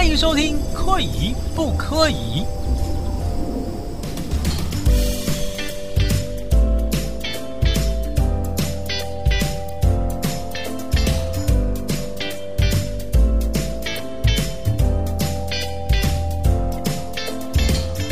歡迎收聽《可以不可以》。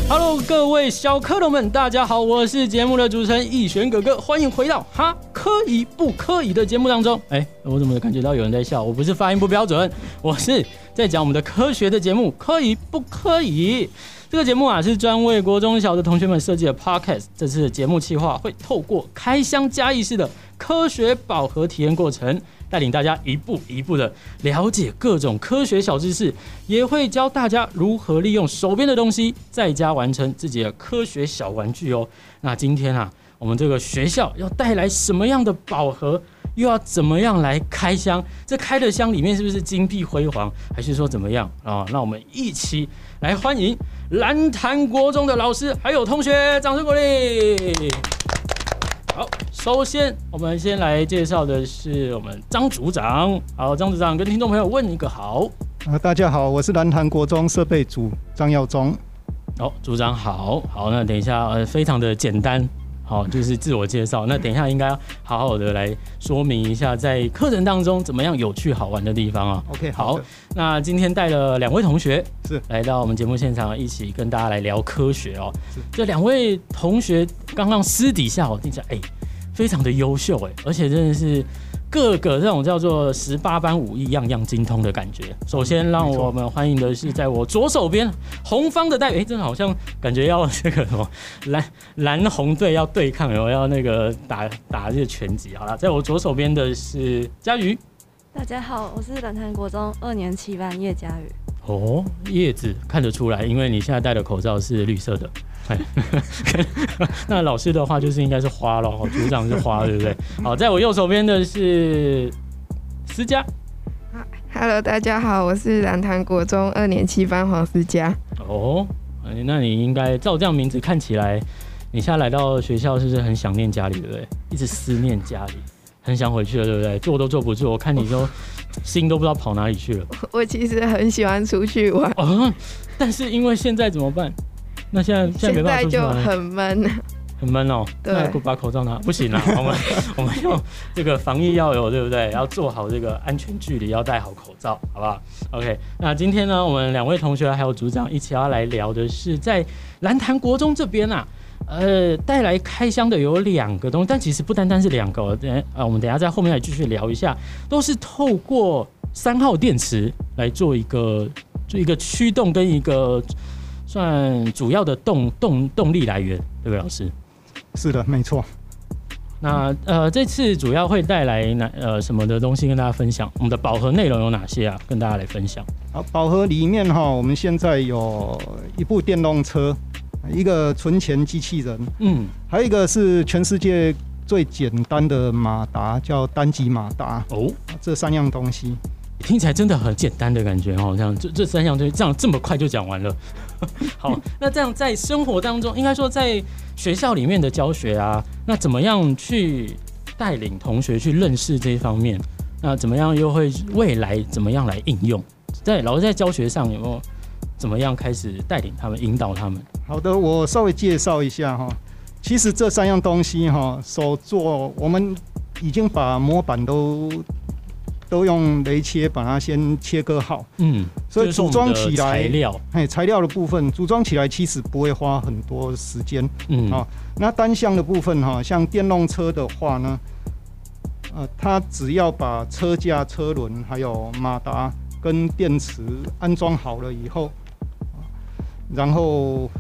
Hello，各位小蝌蚪們，大家好，我是節目的主持人易玄哥哥，歡迎回到哈《哈可以不可以》的節目當中。哎，我怎麼感覺到有人在笑？我不是發音不標準，我是。在講我們的科學的節目，可以不可以？這個節目啊，是專為國中小的同學們設計的 Podcast。這次的節目計劃會透過開箱加儀式的科學寶盒體驗過程，帶領大家一步一步的了解各種科學小知識，也會教大家如何利用手邊的東西，在家完成自己的科學小玩具哦。那今天啊，我們這個學校要帶來什麼樣的寶盒？又要怎麼樣來開箱？這開的箱裡面是不是金碧輝煌，還是說怎麼樣啊？哦，那我們一起來歡迎藍潭國中的老師還有同學，掌聲鼓勵！好，首先我們先來介紹的是我們張組長。好，張組長跟聽眾朋友問一個好啊。大家好，我是藍潭國中設備組張耀忠。好，哦，組長好。好，那等一下，呃，非常的簡單。好，就是自我介紹。那等一下應該要好好的來說明一下，在課程當中怎麼樣有趣好玩的地方啊。OK，好，好，那今天帶了兩位同學是來到我們節目現場，一起跟大家來聊科學哦。就這兩位同學剛剛私底下我聽起來哎，非常的優秀哎，而且真的是。各個這種叫做十八般武藝，樣樣精通的感覺。首先，讓我們歡迎的是在我左手邊紅方的戴哎。這好像感覺要這個什麼藍藍紅隊要對抗，我要那個打打這個拳擊。好了，在我左手邊的是嘉瑜。大家好，我是蘭潭國中二年七班葉嘉瑜。哦，葉子看得出來，因為你現在戴的口罩是綠色的。 那老師的話就是應該是花了。組長是花， 對不對？好，在我右手邊的是思佳。Hello，大家好，我是蘭潭國中二年七班黃思佳。哦、oh,，那你應該照這樣名字看起來，你現在來到學校是不是很想念家裡，對不對？一直思念家裡，很想回去了，對不對？坐都坐不住，我看你都心都不知道跑哪裡去了。 我其實很喜歡出去玩啊，oh, 但是因為現在怎麼辦？那現在現在沒辦法就很悶很悶哦。對，不把口罩拿，不行了。我們 我們用這個防疫要有，對不對？要做好這個安全距離，要戴好口罩，好不好？OK。那今天呢，我們兩位同學還有組長一起要來聊的是，在蘭潭國中這邊啊，呃，帶來開箱的有兩個東西，但其實不單單是兩個，我、呃、等我們等一下在後面來繼續聊一下，都是透過三號電池來做一個做一個驅動跟一個。算主要的動動動力來源，對不對，老師？是的，沒錯。那呃，這次主要會帶來哪呃什麼的東西跟大家分享？我們的寶盒內容有哪些啊？跟大家來分享。好，寶盒裡面哈、哦，我們現在有一部電動車，一個存錢機器人，嗯，還有一個是全世界最簡單的馬達，叫單極馬達。哦，這三樣東西聽起來真的很簡單的感覺好、哦、像這這三樣東西這樣這麼快就講完了。 好，那這樣在生活當中，應該說在學校裡面的教學啊，那怎麼樣去帶領同學去認識這一方面？那怎麼樣又會未來怎麼樣來應用？在老師在教學上有沒有怎麼樣開始帶領他們，引導他們？好的，我稍微介紹一下哈。其實這三樣東西哈，手作我們已經把模板都。都用雷切把它先切割好，嗯，所以組裝起來，就是、材料，哎，材料的部分組裝起來其實不會花很多時間，嗯，啊、哦，那單向的部分哈、哦，像電動車的話呢，呃，它只要把車架、車輪還有馬達跟電池安裝好了以後，然後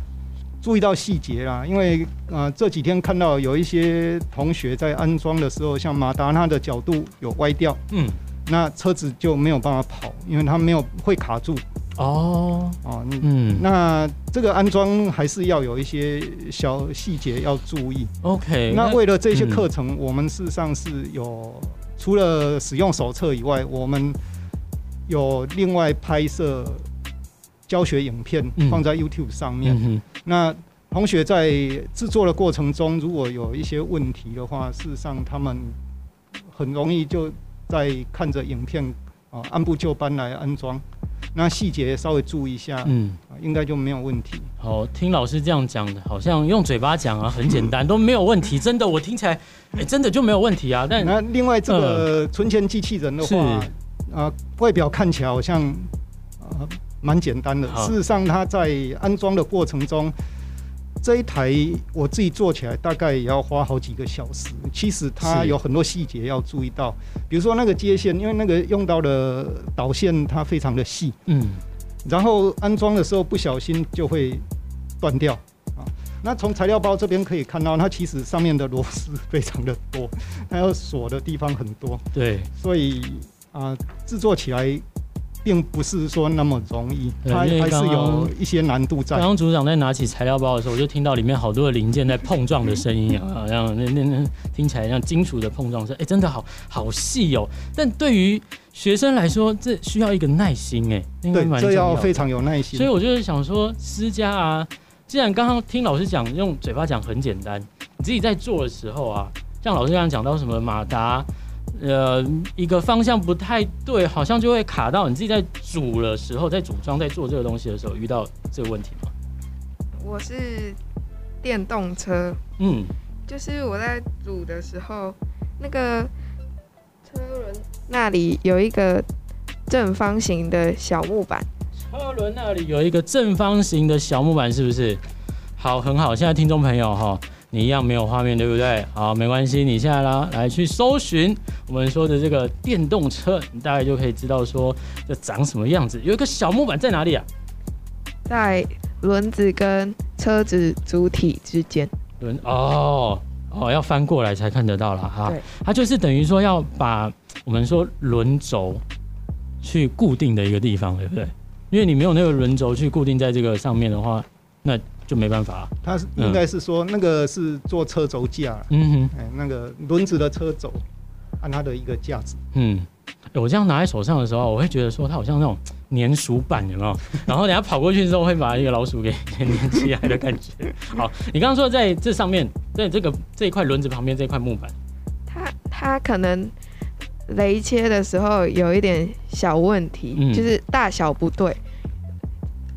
注意到細節啦，因為呃這幾天看到有一些同學在安裝的時候，像馬達它的角度有歪掉，嗯。那車子就沒有辦法跑，因為它沒有會卡住。哦、oh, 哦、啊，嗯，那這個安裝還是要有一些小細節要注意。OK，that, 那為了這些課程、嗯，我們事實上是有除了使用手冊以外，我們有另外拍攝教學影片放在 YouTube 上面。嗯嗯、那同學在制作的過程中，如果有一些問題的話，事實上他們很容易就。在看着影片，啊，按部就班來安裝，那細節稍微注意一下，嗯，啊、應該就沒有問題。好，聽老師這樣講的，好像用嘴巴講啊，很簡單、嗯，都沒有問題。真的，我聽起來，哎、欸，真的就沒有問題啊。但那另外這個存錢機器人的話、呃，啊，外表看起來好像啊蠻簡單的，事實上它在安裝的過程中。這一台我自己做起來大概也要花好幾個小時，其實它有很多細節要注意到，比如說那個接線，因為那個用到的導線它非常的細，嗯，然後安裝的時候不小心就會斷掉啊。那從材料包這邊可以看到，它其實上面的螺絲非常的多，它要鎖的地方很多，對，所以啊製作起來。並不是說那麼容易，它還是有一些難度在。剛剛組長在拿起材料包的時候， 我就聽到裡面好多的零件在碰撞的聲音啊， 好像那那那聽起來像金屬的碰撞聲，哎、欸，真的好好細哦、喔。但對於學生來說，這需要一個耐心哎、欸，對，這要非常有耐心。所以我就想說，私家啊，既然剛剛聽老師講用嘴巴講很簡單，你自己在做的時候啊，像老師剛剛講到什麼馬達。呃，一個方向不太對，好像就會卡到。你自己在組的時候，在組裝，在做這個東西的時候，遇到這個問題嗎？我是電動車，嗯，就是我在組的時候，那個車輪那裡有一個正方形的小木板，車輪那裡有一個正方形的小木板，是不是？好，很好。現在聽眾朋友哈。你一樣沒有畫面，對不對？好，沒關係，你下來啦，來去搜尋我們說的這個電動車，你大概就可以知道說這長什麼樣子。有一個小木板在哪裡啊？在輪子跟車子主體之間。輪哦哦，oh, oh, 要翻過來才看得到了哈。對。它就是等於說要把我們說輪軸去固定的一個地方，對不對？因為你沒有那個輪軸去固定在這個上面的話，那。就沒辦法、啊，他是應該是說那個是做車軸架、啊，嗯哼，哎、欸，那個輪子的車軸，按它的一個架子，嗯、欸，我這樣拿在手上的時候，我會覺得說它好像那種粘鼠板有沒有？ 然後等下跑過去之後，會把一個老鼠給粘起來的感覺。 好，你剛剛說在這上面，在這個這一塊輪子旁邊這塊木板，它它可能雷切的時候有一點小問題，嗯、就是大小不對。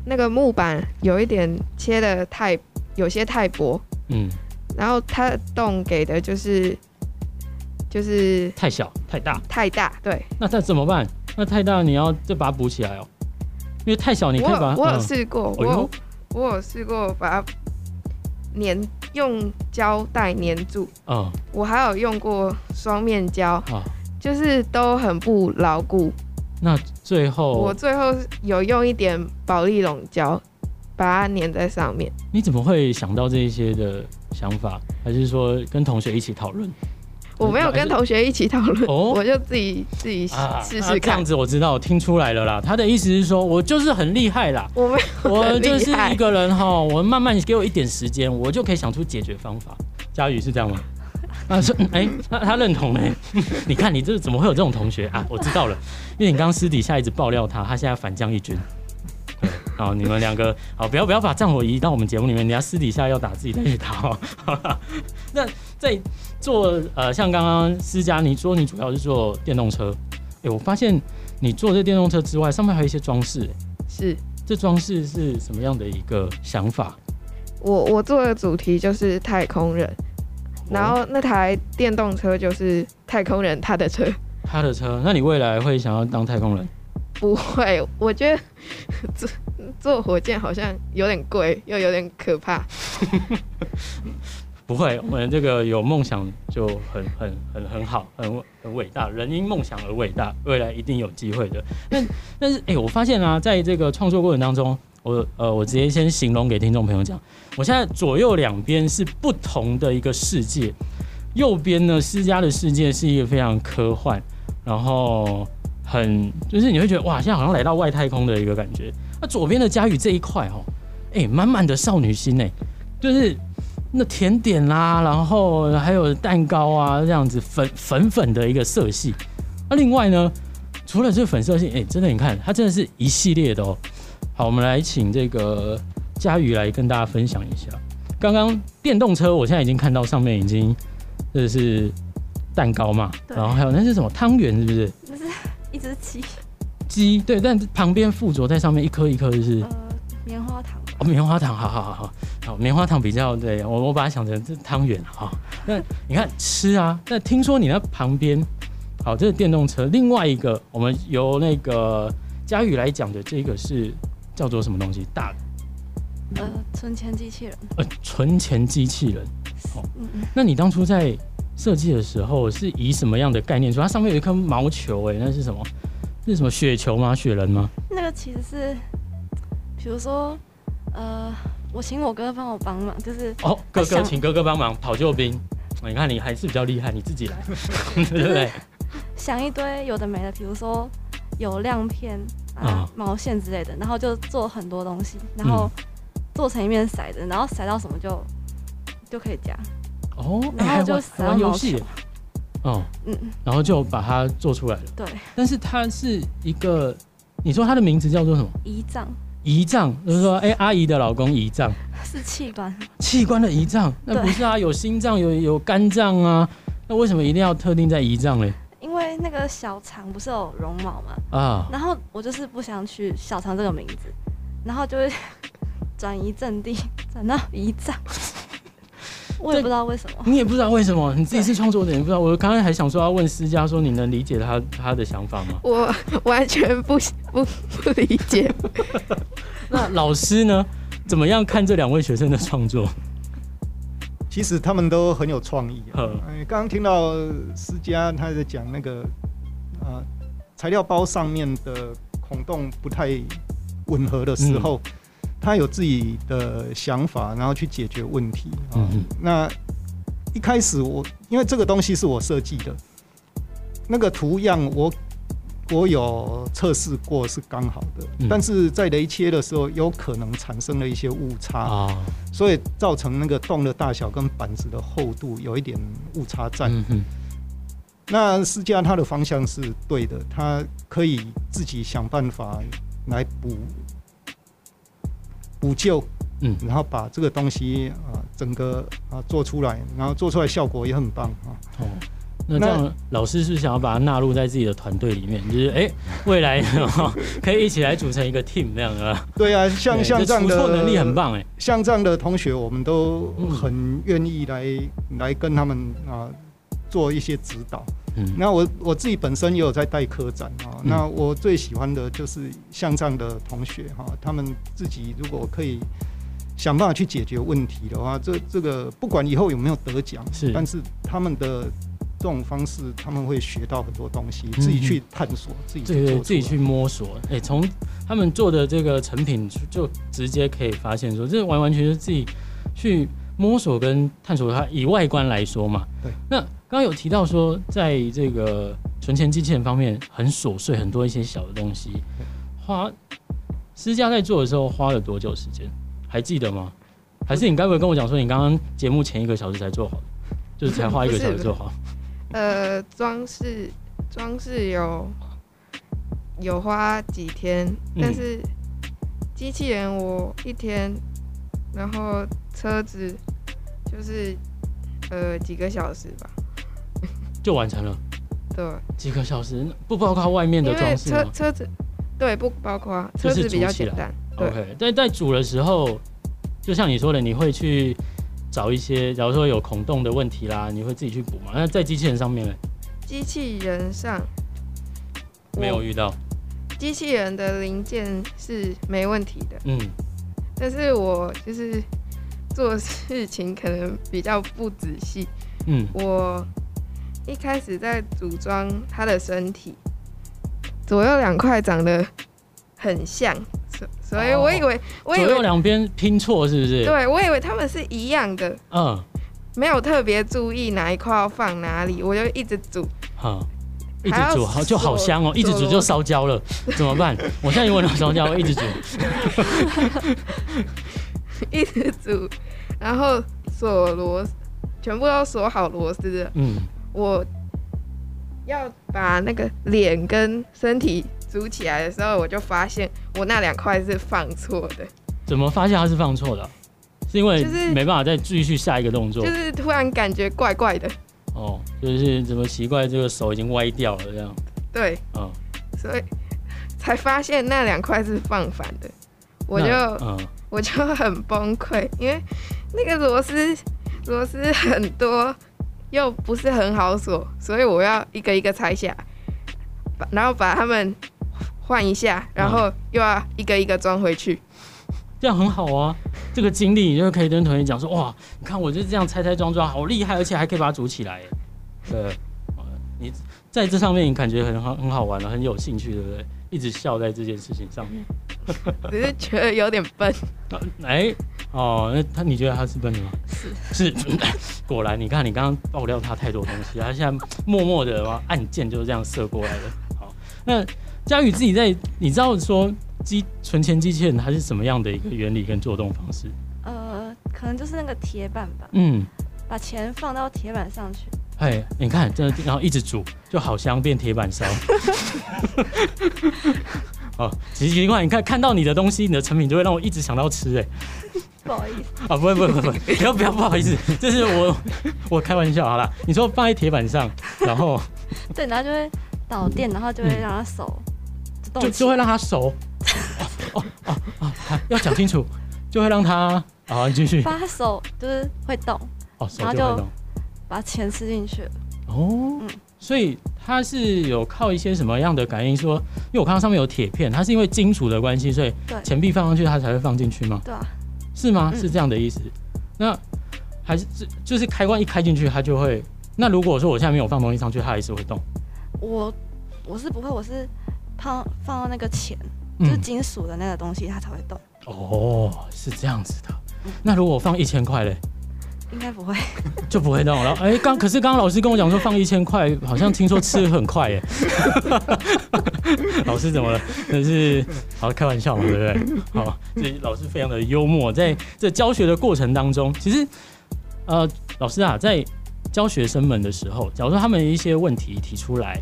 那個木板有一點切得太，有些太薄，嗯，然後它洞給的就是，就是太小，太大，太大，對。那再怎麼辦？那太大，你要再把它補起來哦，喔。因為太小，你可以把它我，我有試過，嗯、我我有試過把它粘，用膠帶粘住，嗯，我還有用過雙面膠，啊，就是都很不牢固。那。最後我最後有用一點保麗龍膠，把它粘在上面。你怎麼會想到這一些的想法？還是說跟同學一起討論？我沒有跟同學一起討論、哦，我就自己自己試試看。啊啊、這樣子我知道我聽出來了啦。他的意思是說我就是很厲害啦，我沒有我就是一個人哈，我慢慢給我一點時間，我就可以想出解決方法。佳宇是這樣嗎？他、啊、說：“哎、欸，他他認同嘞。你看，你這怎麼會有這種同學啊？我知道了，因為你剛私底下一直爆料他，他現在反將一軍。對，好，你們兩個，好，不要不要把戰火移到我們節目裡面。你要私底下要打自己再去打哈，哈。那在做呃，像剛剛思佳你說你主要是做電動車。哎、欸，我發現你做這電動車之外，上面還有一些裝飾、欸。是，這裝飾是什麼樣的一個想法？我我做的主題就是太空人。”然後那台電動車就是太空人他的車，他的車。那你未來會想要當太空人？嗯、不會，我覺得坐坐火箭好像有點貴，又有點可怕。 不會，我們這個有夢想就很很很很好，很很偉大。人因夢想而偉大，未來一定有機會的。但但是哎、欸，我發現啊，在這個創作過程當中，我呃，我直接先形容給聽眾朋友講，我現在左右兩邊是不同的一個世界，右邊呢，思嘉的世界是一個非常科幻，然後很就是你會覺得哇，現在好像來到外太空的一個感覺。那、啊、左邊的嘉宇這一塊哦，哎、欸，滿滿的少女心呢，就是那甜點啦、啊，然後還有蛋糕啊這樣子粉粉粉的一個色系。那、啊、另外呢，除了這粉色系，哎、欸，真的你看，它真的是一系列的哦。好，我們來請這個佳宇來跟大家分享一下。剛剛電動車，我現在已經看到上面已經，這是蛋糕嘛？對。然後還有那是什麼？湯圓是不是？就是一隻雞。雞，對。但旁邊附着在上面一顆一顆就是，呃，棉花糖。哦，棉花糖，好好好好。好，棉花糖比較對我我把它想成是湯圓哈。那你看 吃啊。那聽說你那旁邊，好，這是電動車。另外一個，我們由那個佳宇來講的這個是。叫做什麼東西？大的，呃，存錢機器人。呃，存錢機器人。哦嗯嗯，那你當初在設計的時候是以什麼樣的概念？說它上面有一顆毛球，哎，那是什麼？那是什麼？那是什麼雪球嗎？雪人嗎？那個其實是，比如說，呃，我請我哥幫我幫忙，就是哦，哥哥請哥哥幫忙跑救兵。你看你還是比較厲害，你自己來，對不對？對 就是、 想一堆有的沒的，比如說有亮片。啊啊、毛線之類的，然後就做很多東西，然後做成一面骰子，然後骰到什麼就就可以加哦，然後就玩遊戲，哦、欸嗯，嗯，然後就把它做出來了。對，但是它是一個，你說它的名字叫做什麼？胰臟？胰臟就是說，哎、欸，阿姨的老公胰臟是器官？器官的胰臟？那不是啊，有心臟，有有肝臟啊，那為什麼一定要特定在胰臟呢？為、欸、那個小長不是有絨毛嗎？啊，然後我就是不想取小長這個名字，然後就會轉移陣地，轉到移長。我也不知道為什麼，你也不知道為什麼，你自己是創作的人，不知道。我剛剛還想說要問思佳，說你能理解他他的想法嗎？我完全不不不理解。那 老師呢？怎麼樣看這兩位學生的創作？其實他們都很有創意，啊哎。嗯，剛剛聽到思佳他在講那個，啊、呃，材料包上面的孔洞不太吻合的時候，嗯、他有自己的想法，然後去解決問題。啊、嗯、嗯，那一開始我因為這個東西是我設計的，那個圖樣我。我有測試過是剛好的，嗯，但是在雷切的時候有可能產生了一些誤差啊，所以造成那個洞的大小跟板子的厚度有一點誤差在。嗯嗯，那，實際上它的方向是對的，它可以自己想辦法來補補救，嗯，然後把這個東西啊整個啊做出來，然後做出來效果也很棒啊。嗯那這樣，老師是想要把它納入在自己的團隊裡面，就是、欸、未來 可以一起來組成一個 team 這樣的。對啊，像對像這樣的，這能力很棒，像這樣的同學，我們都很願意來、嗯、來跟他們啊做一些指導。嗯，那我我自己本身也有在帶科展啊、嗯。那我最喜歡的就是像這樣的同學哈、啊，他們自己如果可以想辦法去解決問題的話，這這個不管以後有沒有得獎是，但是他們的。這種方式，他們會學到很多東西，自己去探索，嗯、自己對對對自己去摸索。哎、欸，從他們做的這個成品，就直接可以發現說，這完完全全是自己去摸索跟探索它。它以外觀來說嘛，對。那剛剛有提到說，在這個存錢機器人方面，很瑣碎，很多一些小的東西。花私家在做的時候花了多久時間？還記得嗎？還是你該不會跟我講說，你剛剛節目前一個小時才做好， 就是才花一個小時做好。 呃，裝飾裝飾有有花幾天，嗯、但是機器人我一天，然後車子就是呃幾個小時吧， 就完成了。對，幾個小時不包括外面的裝飾嗎？車車子對不包括，車子比較簡單。就是、對。Okay，但在煮的時候，就像你說的，你會去。找一些，假如說有孔洞的問題啦，你會自己去補嗎？那在機器人上面呢？機器人上沒有遇到。機器人的零件是沒問題的。嗯。但是我就是做事情可能比較不仔細。嗯。我一開始在組裝它的身體，左右兩塊長得很像。所以我以為，哦、我以為左右兩邊拼錯是不是？對，我以為他們是一樣的。嗯，沒有特別注意哪一塊要放哪裡，我就一直煮。好、嗯，一直煮好就好香哦、喔！一直煮就燒焦了，怎麼辦？我現在以為弄燒焦，我一直煮， 一直煮，然後鎖螺，全部都鎖好螺絲。嗯，我要把那個臉跟身體。組起來的時候，我就發現我那兩塊是放錯的。怎麼發現它是放錯的、啊？是因為、就是、沒辦法再繼續下一個動作，就是突然感覺怪怪的。哦，就是怎麼奇怪，這個手已經歪掉了這樣。對，嗯，所以才發現那兩塊是放反的，我就、嗯、我就很崩潰，因為那個螺絲螺絲很多，又不是很好鎖，所以我要一個一個拆下，然後把它們。換一下，然後又要一個一個裝回去，這樣很好啊。這個經歷你就可以跟同學講說，哇，你看我就這樣拆拆裝裝，好厲害，而且還可以把它組起來。對、呃，你在這上面你感覺很好，很好玩了，很有興趣，對不對？一直笑在這件事情上面。只是覺得有點笨。 哎，哦，那他你覺得他是笨的嗎？是是， 果然你看你剛剛爆料他太多東西，他現在默默的按鍵就是這樣射過來的。好，那。嘉宇自己在，你知道說機存錢機器人它是什麼樣的一個原理跟作動方式？呃，可能就是那個鐵板吧。嗯。把錢放到鐵板上去。哎，你看，這然後一直煮，就好像變鐵板燒。哦， 奇奇怪，你看看到你的東西，你的成品就會讓我一直想到吃。哎，不好意思。啊，不會不會不會，不要不要 不好意思，這是我我開玩笑好了。你說放在鐵板上，然後對，然後就會導電，嗯、然後就會讓它熟。就就會讓他手哦哦哦，要講清楚， 就會讓他好，你、啊、繼續把手就是會動哦，手就會動，然後就把錢吃進去哦、嗯，所以它是有靠一些什麼樣的感應說？說因為我看到上面有鐵片，它是因為金屬的關係，所以錢幣放上去它才會放進去嗎？對啊，是嗎嗯嗯？是這樣的意思？那還是就就是開關一開進去它就會？那如果說我現在沒有放東西上去，它還是會動？我我是不會，我是。放放到那個錢，嗯、就是金屬的那個東西，它才會動。哦，是這樣子的。那如果放一千塊嘞，應該不會， 就不會動了。然、欸、後，哎，剛可是剛剛老師跟我講說放一千塊，好像聽說吃很快耶。 老師怎麼了？那是好開玩笑嘛，對不對？好，這老師非常的幽默，在這教學的過程當中，其實，呃，老師啊，在教學生們的時候，假如說他們一些問題提出來。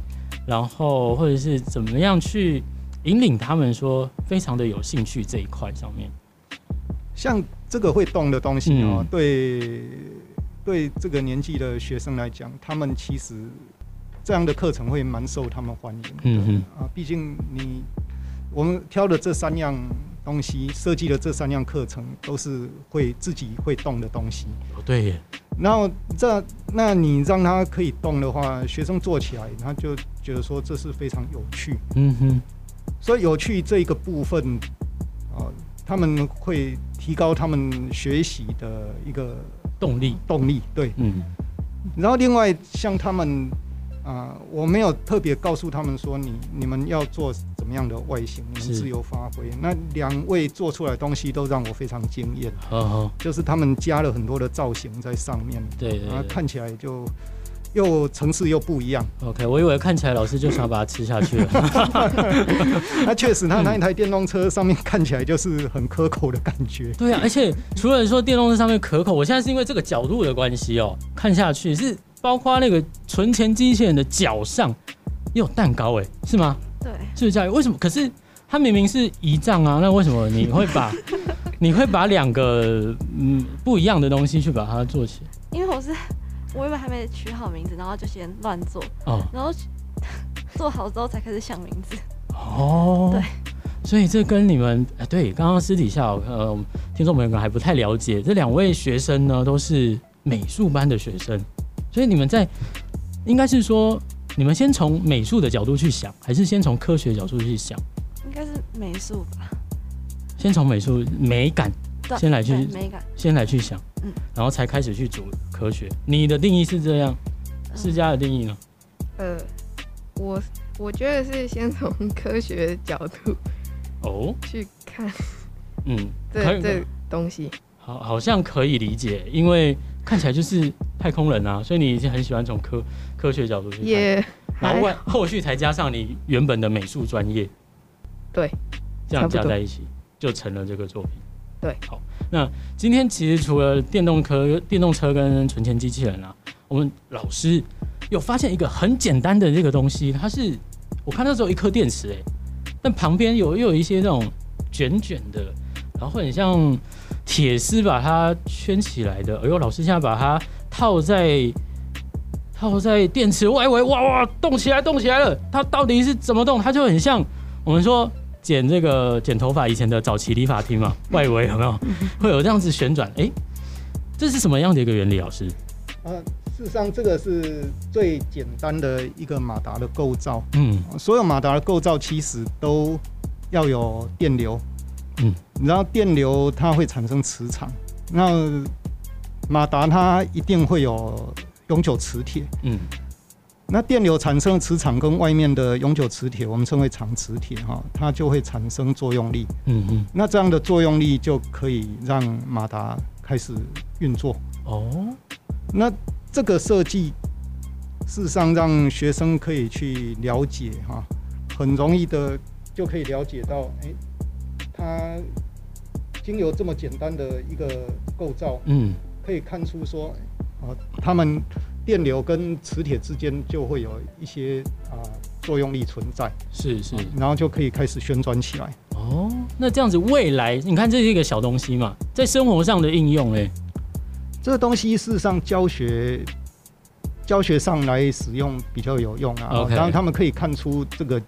然後或者是怎麼樣去引領他們說非常的有興趣這一塊上面，像這個會動的東西啊、哦嗯，對對，這個年紀的學生來講，他們其實這樣的課程會蠻受他們歡迎的、嗯、啊。畢竟你我們挑的這三樣東西，設計的這三樣課程都是會自己會動的東西。哦、對耶，然後這那你讓他可以動的話，學生做起來，他就。覺得說這是非常有趣，嗯哼，所以有趣這一個部分，啊、呃，他們會提高他們學習的一個動力，動力，動力，對，嗯，然後另外像他們，啊、呃，我沒有特別告訴他們說，你你們要做怎麼樣的外形，你們自由發揮。那兩位做出來的東西都讓我非常驚豔，就是他們加了很多的造型在上面，對，對，對，對，然後看起來就。又層次又不一樣。OK，我以為看起來老師就想把它吃下去了。 那確實，那那一台電動車上面看起來就是很可口的感覺、嗯。對啊，而且除了說電動車上面可口，我現在是因為這個角度的關係哦、喔，看下去是包括那個存錢機器人的腳上也有蛋糕、欸，哎，是嗎？對。是不是這樣？為什麼？可是它明明是一髒啊，那為什麼你會把 你會把兩個嗯不一樣的東西去把它做起來？因為我是。我以為還沒取好名字，然後就先亂做哦，然後做好之後才開始想名字哦。對，所以這跟你們啊，對，剛剛私底下呃，聽眾朋友們還不太了解，這兩位學生呢都是美術班的學生，所以你們在應該是說，你們先從美術的角度去想，還是先從科學角度去想？應該是美術吧，先從美術美感。先來去，先來去想，嗯，然後才開始去組科學，嗯。你的定義是這樣，世、呃、迦的定義呢？呃，我我覺得是先從科學角度哦去看哦，嗯，這這東西，好，好像可以理解，因為看起來就是太空人啊，所以你已經很喜歡從科科學角度去看，然後後續才加上你原本的美術專業，對，這樣加在一起就成了這個作品。對，好，那今天其實除了電動車、電動車跟存錢機器人啊，我們老師有發現一個很簡單的這個東西，它是我看到只有一顆電池誒、欸，但旁邊有又有一些這種捲捲的，然後會很像鐵絲把它圈起來的，哎呦，老師現在把它套在套在電池外圍，哇哇，動起來，動起來了，它到底是怎麼動？它就很像我們說。剪這個剪頭髮以前的早期理髮廳嘛， 外圍有沒有會有這樣子旋轉？誒、欸，這是什麼樣的一個原理，老師？呃、啊，事實上這個是最簡單的一個馬達的構造。嗯，所有馬達的構造其實都要有電流。嗯，然後電流它會產生磁場，那馬達它一定會有永久磁鐵。嗯。那電流產生磁場跟外面的永久磁鐵，我們稱為長磁鐵哈，它就會產生作用力。嗯嗯。那這樣的作用力就可以讓馬達開始運作。哦。那這個設計，事實上讓學生可以去了解哈，很容易的就可以了解到，誒，它經由這麼簡單的一個構造，嗯，可以看出說，哦，他們。電流跟磁鐵之間就會有一些啊、呃、作用力存在，是是、嗯，然後就可以開始旋轉起來。哦，那這樣子未來你看這是一個小東西嘛，在生活上的應用哎、欸，這個東西事實上教學教學上來使用比較有用啊。OK、okay、當然後他們可以看出這個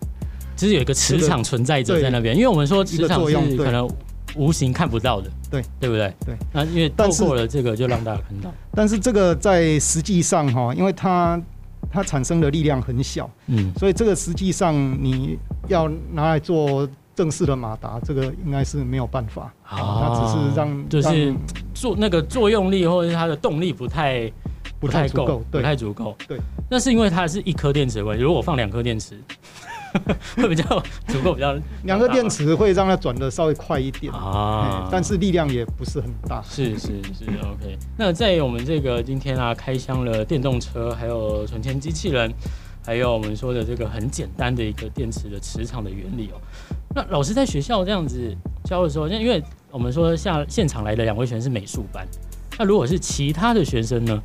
其實有一個磁場存在者、這個、在那邊，因為我們說磁場作用可能。無形看不到的，對，對不對？對，那因為透過了這個就讓大家看到但。但是這個在實際上哈，因為它它產生的力量很小，嗯，所以這個實際上你要拿來做正式的馬達，這個應該是沒有辦法啊。它只是讓就是讓做那個作用力或者是它的動力不太不太夠，不太足夠。對，那是因為它是一顆電池位，如果我放兩顆電池。 會比較足夠，比較兩個電池會讓它轉得稍微快一點啊，但是力量也不是很大。是是是，OK。那在我們這個今天啊，開箱了電動車，還有存錢機器人，還有我們說的這個很簡單的一個電池的磁場的原理哦。那老師在學校這樣子教的時候，那因為我們說下現場來的兩位全是美術班，那如果是其他的學生呢？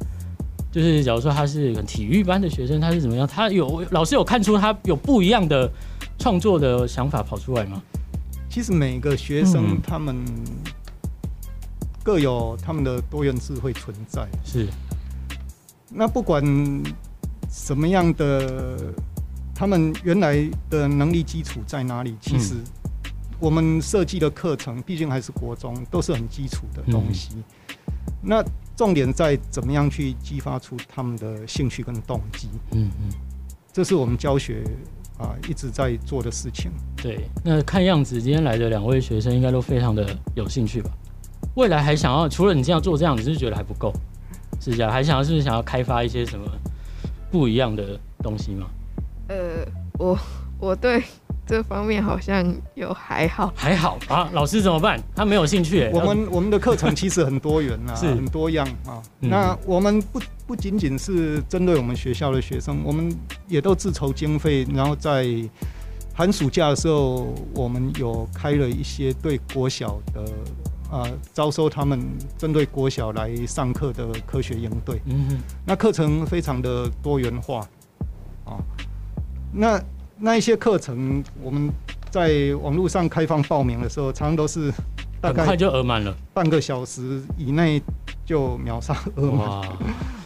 就是，假如說他是一個體育班的學生，他是怎麼樣？他有老師有看出他有不一樣的創作的想法跑出來嗎？其實每個學生他們各有他們的多元智慧存在。嗯、是。那不管什麼樣的，他們原來的能力基礎在哪裡？其實我們設計的課程，畢竟還是國中，都是很基礎的東西。嗯、那。重點在怎麼樣去激發出他們的興趣跟動機。嗯嗯，這是我們教學啊，呃，一直在做的事情。對，那看樣子今天來的兩位學生應該都非常的有興趣吧？未來還想要除了你這樣做這樣子就覺得還不夠？是啊，還想要是不是想要開發一些什麼不一樣的東西嗎？呃，我我對。這方面好像有還好，還好啊。老師怎麼辦？他沒有興趣。我們我們的課程其實很多元啊、啊， 很多樣啊。那我們不不僅僅是針對我們學校的學生，我們也都自籌經費，然後在寒暑假的時候，我們有開了一些對國小的啊，招收他們針對國小來上課的科學營隊。嗯哼。那課程非常的多元化啊。那。那一些課程，我們在網絡上開放報名的時候，常常都是大概很快就額滿了，半個小時以內就秒殺額滿。啊、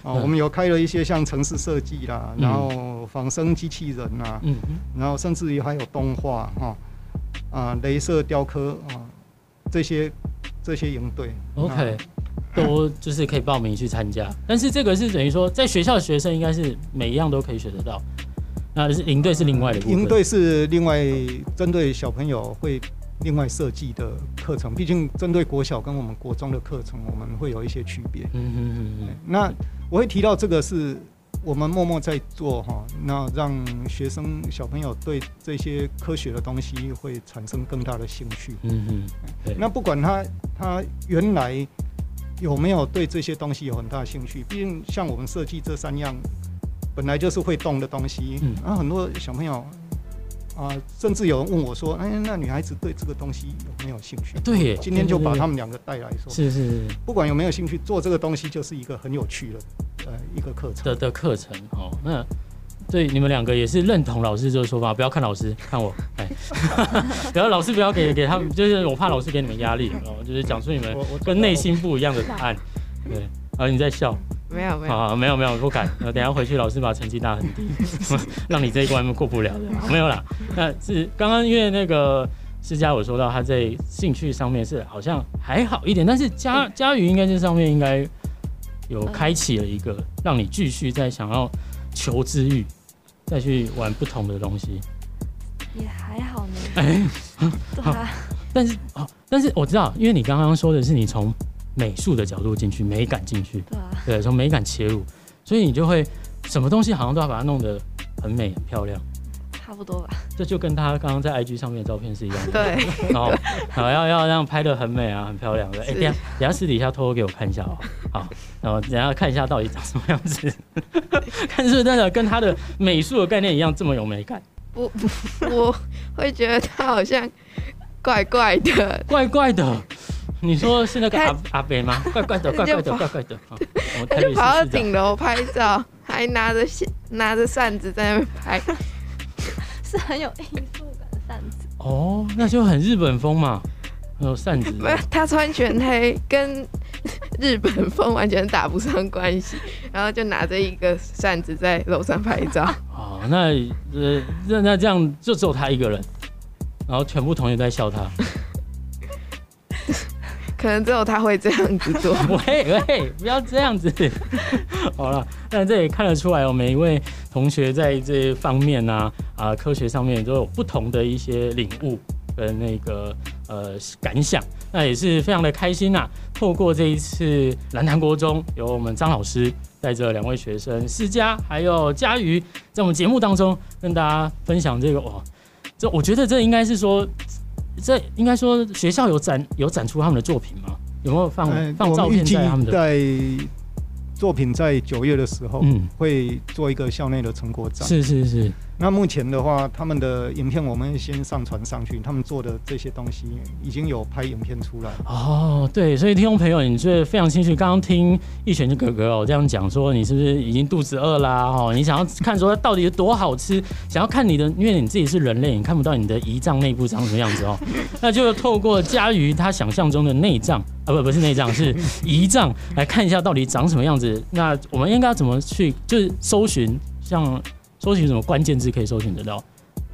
哦嗯，我們有開了一些像城市設計啦，然後仿生機器人、啊、嗯，然後甚至於還有動畫哈，啊、哦，鐳、呃、射雕刻啊、哦，這些這些營隊，OK，都就是可以報名去參加。 但是這個是等於說，在學校的學生應該是每一樣都可以學得到。那是營隊是另外的，營隊是另外針對小朋友會另外設計的課程。畢竟針對國小跟我們國中的課程，我們會有一些區別。嗯嗯。嗯嗯嗯。那我會提到這個是我們默默在做哈，那讓學生小朋友對這些科學的東西會產生更大的興趣。嗯嗯。那不管他他原來有沒有對這些東西有很大的興趣，畢竟像我們設計這三樣。本來就是會動的東西，然、嗯、後、啊、很多小朋友，啊、呃，甚至有人問我說：“哎、欸，那女孩子對這個東西有沒有興趣？”對，今天就把他們兩個帶來說，說：“是是是，不管有沒有興趣，做這個東西就是一個很有趣的，呃，一個課程的的課程。程”哦，那對你們兩個也是認同老師這個說法，不要看老師，看我，哎，然 後 老師，不要給給他們，就是我怕老師給你們壓力， 就是講出你們跟內心不一樣的答案，對，啊，你在笑。沒有沒有，好，好沒有沒有不敢。等一下回去老師把成績打很低， 讓你這一關過不了的。沒有啦，那是剛剛因為那個思佳我說到他在興趣上面是好像還好一點，但是佳佳、欸、瑜，應該這上面應該有開啟了一個、呃、讓你繼續在想要求知欲，再去玩不同的東西，也還好呢。哎、欸，對啊。但是啊，但是我知道，因為你剛剛說的是你從美術的角度進去，美感進去。對、啊對，從美感切入，所以你就會什麼東西好像都要把它弄得很美，很漂亮，差不多吧。這就跟他剛剛在 IG 上面的照片是一樣的。對。 然後，好要要這樣拍得很美啊，很漂亮。的。哎，欸，等下等下，等下私底下偷偷給我看一下哦。好，然後等下看一下到底長什麼樣子。看是不是真的跟他的美術的概念一樣，這麼有美感？我我會覺得他好像怪怪的，怪怪的。你說是那個阿阿伯嗎？怪怪的，怪怪的，怪怪的。我他、哦、他就跑到頂樓拍照，還拿着拿着扇子在那邊拍， 是很有藝術感的扇子。哦，那就很日本風嘛，很有扇子。不，他穿全黑，跟日本風完全打不上關係。然後就拿着一個扇子在樓上拍照。哦，那那那這樣就只有他一個人，然後全部同學在笑他。可能只有他會這樣子做 喂，喂喂，不要這樣子。 好了，那這也看得出來，我們每一位同學在這方面啊，啊、呃，科學上面都有不同的一些領悟跟那個呃感想。那也是非常的開心吶、啊，透過這一次蘭潭國中有我們張老師帶着兩位學生思佳還有佳瑜，在我們節目當中跟大家分享這個哦，這我覺得這應該是說。這應該說學校有展有展出他們的作品嗎？有沒有放、欸、放照片在他們的？在作品，在九月的時候，會做一個校內的成果展，嗯。是是是。那目前的話，他們的影片我們先上傳上去。他們做的這些東西已經有拍影片出來哦。Oh, 對，所以聽眾朋友，你就是非常興趣。剛剛聽一璇就哥哥這樣講說，你是不是已經肚子餓啦？哦、喔，你想要看說它到底有多好吃？ 想要看你的，因為你自己是人類，你看不到你的胰臟內部長什麼樣子哦、喔。 那就透過嘉瑜他想象中的內臟啊，不不是內臟，是胰臟 來看一下到底長什麼樣子。那我們應該要怎麼去就是搜尋像？搜尋什麼關鍵字可以搜尋得到？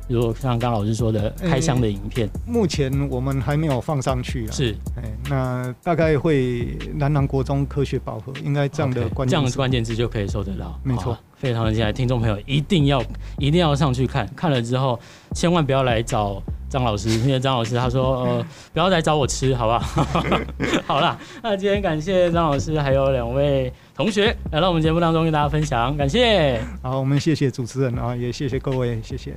如果像剛老師說的，開箱的影片，欸，目前我們還沒有放上去。是，欸，那大概會蘭潭國中科學寶盒，應該這樣的關鍵字 okay, 這樣關鍵字就可以搜得到。沒錯，哦，非常的厲害，聽眾朋友一定要一定要上去看看了之後，千萬不要來找，張老師，謝謝張老師，他說：“呃，不要來找我吃，好不 好？”好啦，那今天感謝張老師，還有兩位同學來到我們節目當中跟大家分享，感謝。好，我們謝謝主持人啊，也謝謝各位，謝謝。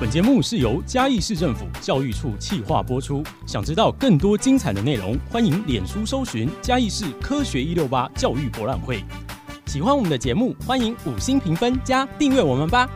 本節目是由嘉義市政府教育處企劃播出。想知道更多精彩的內容，歡迎臉書搜尋嘉義市科學一六八教育博覽會。喜歡我們的節目，歡迎五星評分加訂閱我們吧。